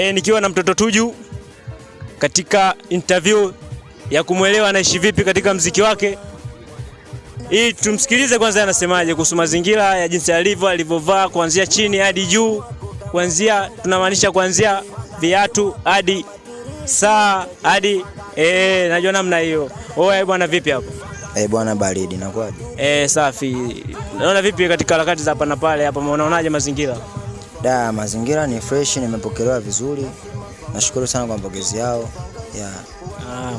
E, nikiwa na mtoto Tuju katika interview ya kumwelewa anaishi vipi katika mziki wake, ili tumsikilize kwanza anasemaje kuhusu mazingira ya jinsi alivyo alivyovaa kuanzia chini hadi juu, kuanzia tunamaanisha kuanzia viatu hadi saa hadi e, najua namna hiyo. Oe bwana, vipi hapo? Eh bwana, baridi nakwaje? Eh, safi. Naona vipi katika harakati za hapa na pale hapa, unaonaje mazingira? Da, mazingira ni fresh, nimepokelewa vizuri. Nashukuru sana kwa mpokezi yao. Yeah. Ah,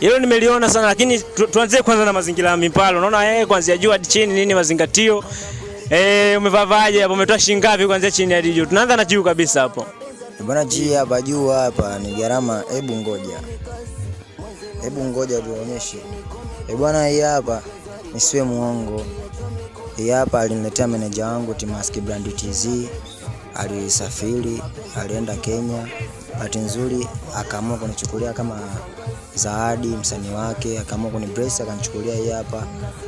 hilo nimeliona sana lakini tu, tuanzie kwanza na mazingira ya Mpalo. Unaona yeye eh, kuanzia juu hadi chini nini mazingatio? Eh, umevavaje hapo? Umetoa shilingi ngapi kuanzia chini hadi juu? Tunaanza na juu kabisa hapo. Bwana ji hapa juu hapa ni gharama, hebu ngoja. Hebu ngoja tuonyeshe. Eh, bwana hii hapa nisiwe muongo. Hii hapa aliniletea meneja wangu Timaski Brand TZ alisafiri, alienda Kenya. Bahati nzuri akaamua kunichukulia kama zawadi, msanii wake akaamua kunibrace, akanichukulia hii hapa.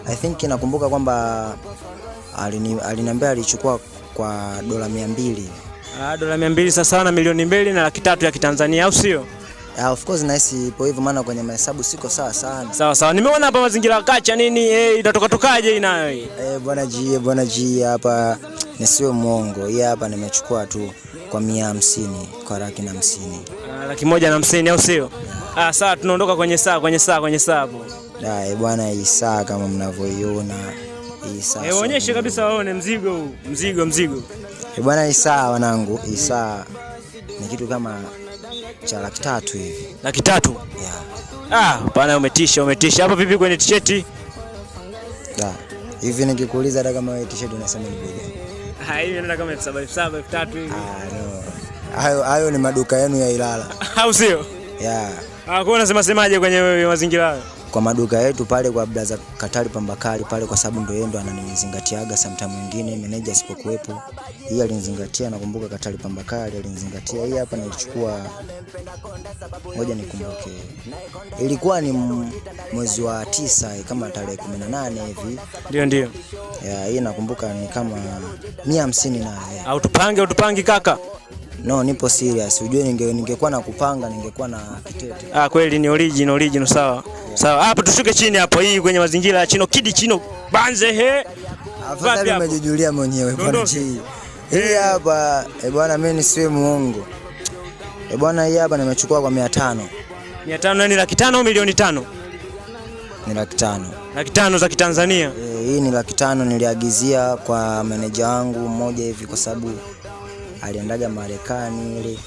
I think nakumbuka kwamba aliniambia alichukua kwa dola mia mbili ah, dola mia mbili na milioni mbili na laki tatu ya Kitanzania, au sio? Yeah, of course nahisi ipo hivyo, maana kwenye mahesabu siko sawa sana. Sawa sawa, nimeona hapa mazingira kacha nini, hey, eh, inatoka tokaje inayo hii? Eh, bwana G, eh, bwana G hapa nisiwe mwongo, hii hapa nimechukua tu kwa mia hamsini kwa laki na hamsini ah, laki moja na hamsini au sio? Ah, saa tunaondoka kwenye saa kwenye saa kwenye saa hapo. Dai eh, bwana, hii saa kama mnavyoiona hii saa. Eh, onyeshe kabisa waone mzigo huu, mzigo mzigo. Eh, bwana hii saa wanangu, hii saa ni kitu kama cha laki tatu hivi. Laki tatu? Yeah. Ah, bwana umetisha, umetisha. Hapo vipi kwenye t-shirt? Da. Hivi nikikuuliza hata kama wewe t-shirt unasema ni bei gani? Ah, hayo ni maduka yenu ya Ilala au sio? Yeah. kwenye mazingira hayo? Kwa maduka yetu pale kwa Blaza Katari Pambakali pale, kwa sababu ndio yeye ndo ananizingatiaga sometime mwingine meneja asipokuwepo, yeye alinizingatia. Nakumbuka Katari Pambakali alinizingatia, hii hapa nilichukua, ngoja nikumbuke, ilikuwa ni mwezi wa tisa kama tarehe 18 hivi, ndio ndio Yeah, hii nakumbuka ni kama mia hamsini na yeah. Au tupange au kaka? No, nipo serious. Ujue ninge ningekuwa na kupanga ningekuwa na kitete. Ah, kweli ni original original sawa. Yeah. Sawa. Ah, hapo tushuke chini hapo hii kwenye mazingira ya Chino kidi Chino Banze he. Afadhali umejijulia mwenyewe bwana hii. Hii eh. hapa e bwana mimi ni si muongo. E bwana hii hapa nimechukua kwa 500. 500 ni laki tano milioni tano. Ni laki tano. Laki tano za Kitanzania? E, hii ni laki tano niliagizia kwa meneja wangu mmoja hivi kwa sababu aliendaga Marekani ile